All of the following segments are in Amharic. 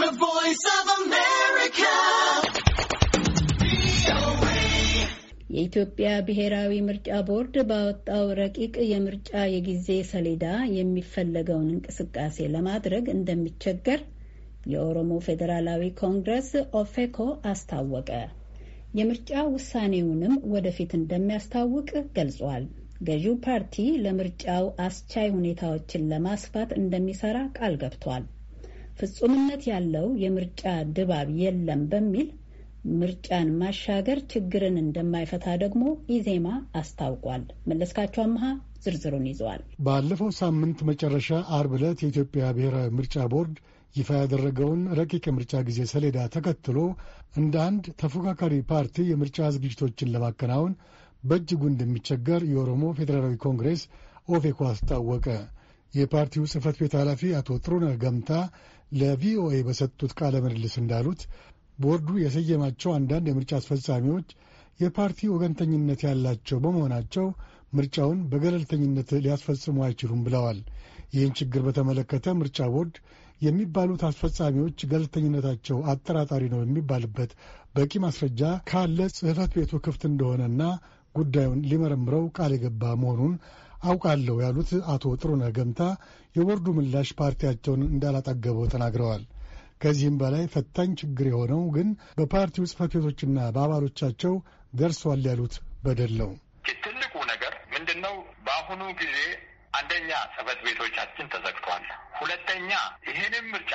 The Voice of America. የኢትዮጵያ ብሔራዊ ምርጫ ቦርድ ባወጣው ረቂቅ የምርጫ የጊዜ ሰሌዳ የሚፈለገውን እንቅስቃሴ ለማድረግ እንደሚቸገር የኦሮሞ ፌዴራላዊ ኮንግረስ ኦፌኮ አስታወቀ። የምርጫ ውሳኔውንም ወደፊት እንደሚያስታውቅ ገልጿል። ገዢው ፓርቲ ለምርጫው አስቻይ ሁኔታዎችን ለማስፋት እንደሚሰራ ቃል ገብቷል። ፍጹምነት ያለው የምርጫ ድባብ የለም በሚል ምርጫን ማሻገር ችግርን እንደማይፈታ ደግሞ ኢዜማ አስታውቋል። መለስካቸው አምሃ ዝርዝሩን ይዘዋል። ባለፈው ሳምንት መጨረሻ አርብ ዕለት የኢትዮጵያ ብሔራዊ ምርጫ ቦርድ ይፋ ያደረገውን ረቂቅ የምርጫ ጊዜ ሰሌዳ ተከትሎ እንደ አንድ ተፎካካሪ ፓርቲ የምርጫ ዝግጅቶችን ለማከናወን በእጅጉ እንደሚቸገር የኦሮሞ ፌዴራላዊ ኮንግሬስ ኦፌኮ አስታወቀ። የፓርቲው ጽህፈት ቤት ኃላፊ አቶ ጥሩነህ ገምታ ለቪኦኤ በሰጡት ቃለ ምልልስ እንዳሉት ቦርዱ የሰየማቸው አንዳንድ የምርጫ አስፈጻሚዎች የፓርቲ ወገንተኝነት ያላቸው በመሆናቸው ምርጫውን በገለልተኝነት ሊያስፈጽሙ አይችሉም ብለዋል። ይህን ችግር በተመለከተ ምርጫ ቦርድ የሚባሉት አስፈጻሚዎች ገለልተኝነታቸው አጠራጣሪ ነው የሚባልበት በቂ ማስረጃ ካለ ጽሕፈት ቤቱ ክፍት እንደሆነና ጉዳዩን ሊመረምረው ቃል የገባ መሆኑን አውቃለሁ ያሉት አቶ ጥሩነህ ገምታ የቦርዱ ምላሽ ፓርቲያቸውን እንዳላጠገበው ተናግረዋል። ከዚህም በላይ ፈታኝ ችግር የሆነው ግን በፓርቲው ጽህፈት ቤቶችና በአባሎቻቸው ደርሷል ያሉት በደል ነው። ትልቁ ነገር ምንድን ነው? በአሁኑ ጊዜ አንደኛ ጽህፈት ቤቶቻችን ተዘግቷል። ሁለተኛ ይህንም ምርጫ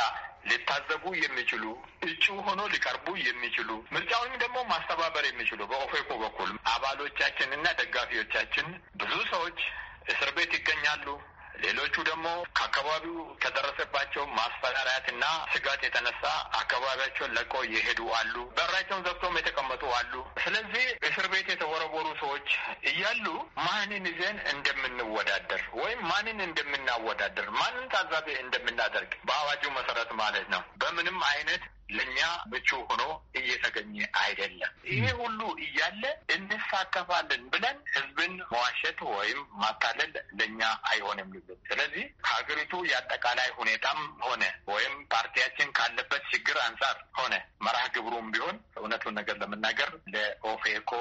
ሊታዘቡ የሚችሉ እጩ ሆኖ ሊቀርቡ የሚችሉ ምርጫውንም ደግሞ ማስተባበር የሚችሉ በኦፌኮ በኩል አባሎቻችንና ደጋፊዎቻችን ብዙ ሰዎች እስር ቤት ይገኛሉ። ሌሎቹ ደግሞ ከአካባቢው ከደረሰባቸው ማስፈራሪያት ስጋት የተነሳ አካባቢያቸውን ለቀው እየሄዱ አሉ። በራቸውን ዘግቶም የተቀመጡ አሉ። ስለዚህ እስር ቤት የተወረወሩ ሰዎች እያሉ ማንን ይዘን እንደምንወዳደር ወይም ማንን እንደምናወዳደር ማንን ታዛቢ እንደምናደርግ በአዋጁ መሰረት ማለት ነው በምንም አይነት ለእኛ ምቹ ሆኖ እየተገኘ አይደለም። ይሄ ሁሉ እያለ እንሳተፋለን ብለን ህዝብን መዋሸት ወይም ማታለል ለእኛ አይሆንም። ስለዚህ ሀገሪቱ የአጠቃላይ ሁኔታም ሆነ ወይም ፓርቲያችን ካለበት ችግር አንጻር ሆነ መርሃ ግብሩም ቢሆን እውነቱን ነገር ለመናገር ለኦፌኮ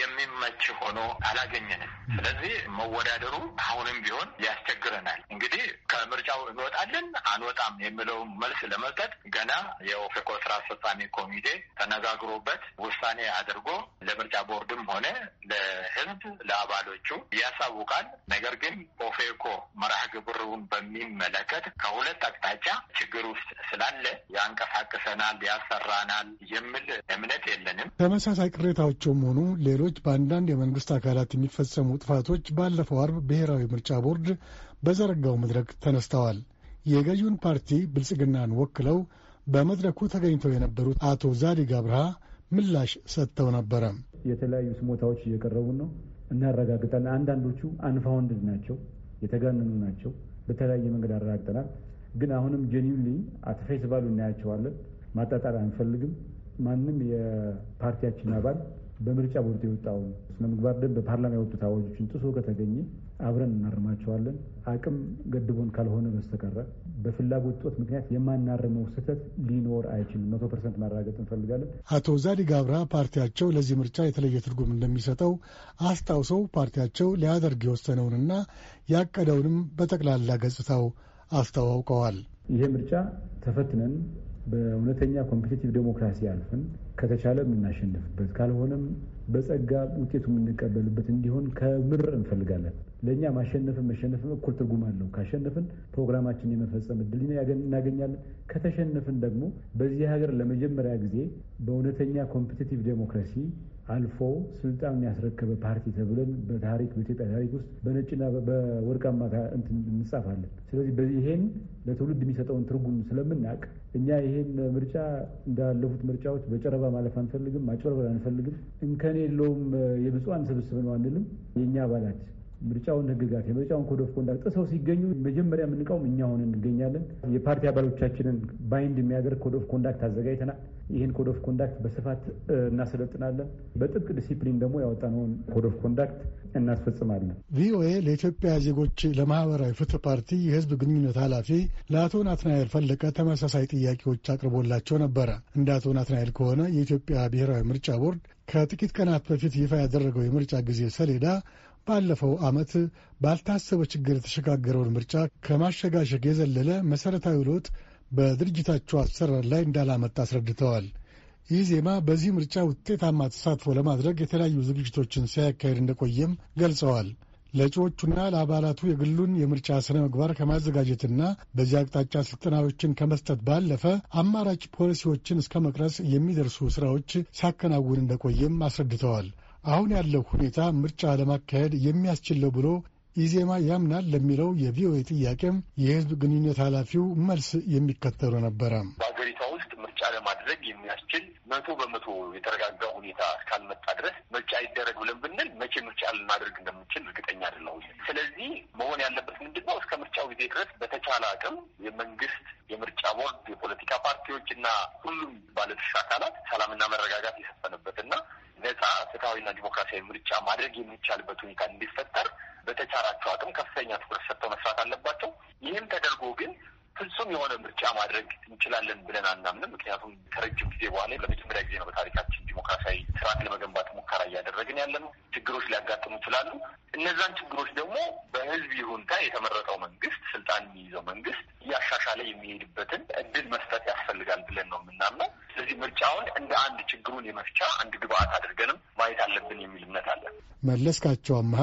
የሚመች ሆኖ አላገኘንም። ስለዚህ መወዳደሩ አሁንም ቢሆን ያስቸግረናል። እንግዲህ ከምርጫው እንወጣለን አንወጣም የሚለውን መልስ ለመስጠት ገና የኦፌኮ ሸንኮር ስራ አስፈጻሚ ኮሚቴ ተነጋግሮበት ውሳኔ አድርጎ ለምርጫ ቦርድም ሆነ ለህዝብ ለአባሎቹ ያሳውቃል። ነገር ግን ኦፌኮ መርሃ ግብሩን በሚመለከት ከሁለት አቅጣጫ ችግር ውስጥ ስላለ ያንቀሳቅሰናል፣ ያሰራናል የሚል እምነት የለንም። ተመሳሳይ ቅሬታዎችም ሆኑ ሌሎች በአንዳንድ የመንግስት አካላት የሚፈጸሙ ጥፋቶች ባለፈው አርብ ብሔራዊ ምርጫ ቦርድ በዘረጋው መድረክ ተነስተዋል። የገዢውን ፓርቲ ብልጽግናን ወክለው በመድረኩ ተገኝተው የነበሩት አቶ ዛዲግ አብርሃ ምላሽ ሰጥተው ነበረ። የተለያዩ ስሞታዎች እየቀረቡን ነው፣ እናረጋግጣለን። አንዳንዶቹ አንፋውንድድ ናቸው፣ የተጋነኑ ናቸው። በተለያየ መንገድ አረጋግጠናል። ግን አሁንም ጄኒውንሊ አትፌስ እናያቸዋለን። ማጣጣል አንፈልግም። ማንም የፓርቲያችን አባል በምርጫ ቦርድ የወጣውን ስነ ምግባር ደንብ በፓርላማ የወጡት አዋጆችን ጥሶ ከተገኘ አብረን እናርማቸዋለን። አቅም ገድቦን ካልሆነ በስተቀረ በፍላጎት ጦት ምክንያት የማናርመው ስህተት ሊኖር አይችልም። መቶ ፐርሰንት ማረጋገጥ እንፈልጋለን። አቶ ዛዲ ጋብራ ፓርቲያቸው ለዚህ ምርጫ የተለየ ትርጉም እንደሚሰጠው አስታውሰው ፓርቲያቸው ሊያደርግ የወሰነውንና ያቀደውንም በጠቅላላ ገጽታው አስተዋውቀዋል። ይሄ ምርጫ ተፈትነን በእውነተኛ ኮምፒቴቲቭ ዴሞክራሲ አልፈን ከተቻለ የምናሸንፍበት ካልሆነም በጸጋ ውጤቱ የምንቀበልበት እንዲሆን ከምር እንፈልጋለን። ለእኛ ማሸነፍን መሸነፍም እኩል ትርጉም አለው። ካሸነፍን ፕሮግራማችን የመፈጸም እድል እናገኛለን። ከተሸነፍን ደግሞ በዚህ ሀገር ለመጀመሪያ ጊዜ በእውነተኛ ኮምፒቲቲቭ ዴሞክራሲ አልፎ ስልጣን ያስረከበ ፓርቲ ተብለን በታሪክ በኢትዮጵያ ታሪክ ውስጥ በነጭና በወርቃማ እንጻፋለን። ስለዚህ በዚህ ይሄን ለትውልድ የሚሰጠውን ትርጉም ስለምናውቅ እኛ ይሄን ምርጫ እንዳለፉት ምርጫዎች በጨረባ ማለፍ አንፈልግም፣ ማጭበርበር አንፈልግም። እንከን የለውም የብፁዓን ስብስብ ነው አንልም። የእኛ አባላት ምርጫውን ህግጋት የምርጫውን ኮድ ኦፍ ኮንዳክት ጥሰው ሲገኙ መጀመሪያ የምንቃውም እኛ ሆነን እንገኛለን። የፓርቲ አባሎቻችንን ባይንድ የሚያደርግ ኮድ ኦፍ ኮንዳክት አዘጋጅተናል። ይህን ኮድ ኦፍ ኮንዳክት በስፋት እናሰለጥናለን። በጥብቅ ዲሲፕሊን ደግሞ ያወጣነውን ኮድ ኦፍ ኮንዳክት እናስፈጽማለን። ቪኦኤ ለኢትዮጵያ ዜጎች ለማህበራዊ ፍትህ ፓርቲ የህዝብ ግንኙነት ኃላፊ ለአቶ ናትናኤል ፈለቀ ተመሳሳይ ጥያቄዎች አቅርቦላቸው ነበረ። እንደ አቶ ናትናኤል ከሆነ የኢትዮጵያ ብሔራዊ ምርጫ ቦርድ ከጥቂት ቀናት በፊት ይፋ ያደረገው የምርጫ ጊዜ ሰሌዳ ባለፈው ዓመት ባልታሰበ ችግር የተሸጋገረውን ምርጫ ከማሸጋሸግ የዘለለ መሠረታዊ ለውጥ በድርጅታቸው አሰራር ላይ እንዳላመጣ አስረድተዋል። ይህ ዜማ በዚህ ምርጫ ውጤታማ ተሳትፎ ለማድረግ የተለያዩ ዝግጅቶችን ሲያካሄድ እንደቆየም ገልጸዋል። ለእጩዎቹና ለአባላቱ የግሉን የምርጫ ስነ ምግባር ከማዘጋጀትና በዚህ አቅጣጫ ስልጠናዎችን ከመስጠት ባለፈ አማራጭ ፖሊሲዎችን እስከ መቅረጽ የሚደርሱ ስራዎች ሲያከናውን እንደቆየም አስረድተዋል። አሁን ያለው ሁኔታ ምርጫ ለማካሄድ የሚያስችለው ብሎ ኢዜማ ያምናል ለሚለው የቪኦኤ ጥያቄም የህዝብ ግንኙነት ኃላፊው መልስ የሚከተሉ ነበረ። በሀገሪቷ ውስጥ ምርጫ ለማድረግ የሚያስችል መቶ በመቶ የተረጋጋ ሁኔታ እስካልመጣ ድረስ ምርጫ ይደረግ ብለን ብንል መቼ ምርጫ ልናደርግ እንደምንችል እርግጠኛ አይደለሁም። ስለዚህ መሆን ያለበት ምንድን ነው? እስከ ምርጫው ጊዜ ድረስ በተቻለ አቅም የመንግስት የምርጫ ቦርድ፣ የፖለቲካ ፓርቲዎች እና ሁሉም ባለድርሻ አካላት ሰላምና መረጋጋት የሰፈነበትና ነጻ ፍትሐዊና ዲሞክራሲያዊ ምርጫ ማድረግ የሚቻልበት ሁኔታ እንዲፈጠር በተቻላቸው አቅም ከፍተኛ ትኩረት ሰጥተው መስራት አለባቸው። ይህም ተደርጎ ግን ፍጹም የሆነ ምርጫ ማድረግ እንችላለን ብለን አናምንም። ምክንያቱም ከረጅም ጊዜ በኋላ ለመጀመሪያ ጊዜ ነው በታሪካችን ዲሞክራሲያዊ ስርዓት ለመገንባት ሙከራ እያደረግን ያለ ነው። ችግሮች ሊያጋጥሙ ይችላሉ። እነዛን ችግሮች ደግሞ በህዝብ ይሁንታ የተመረጠው መንግስት፣ ስልጣን የሚይዘው መንግስት እያሻሻለ የሚሄድበትን እድል መስጠት ያስፈልጋል ብለን ነው የምናምነው። ስለዚህ ምርጫውን እንደ አንድ ችግሩን የመፍቻ አንድ ግብአት አድርገንም ማየት አለብን የሚል እምነት አለን። መለስካቸው አምሃ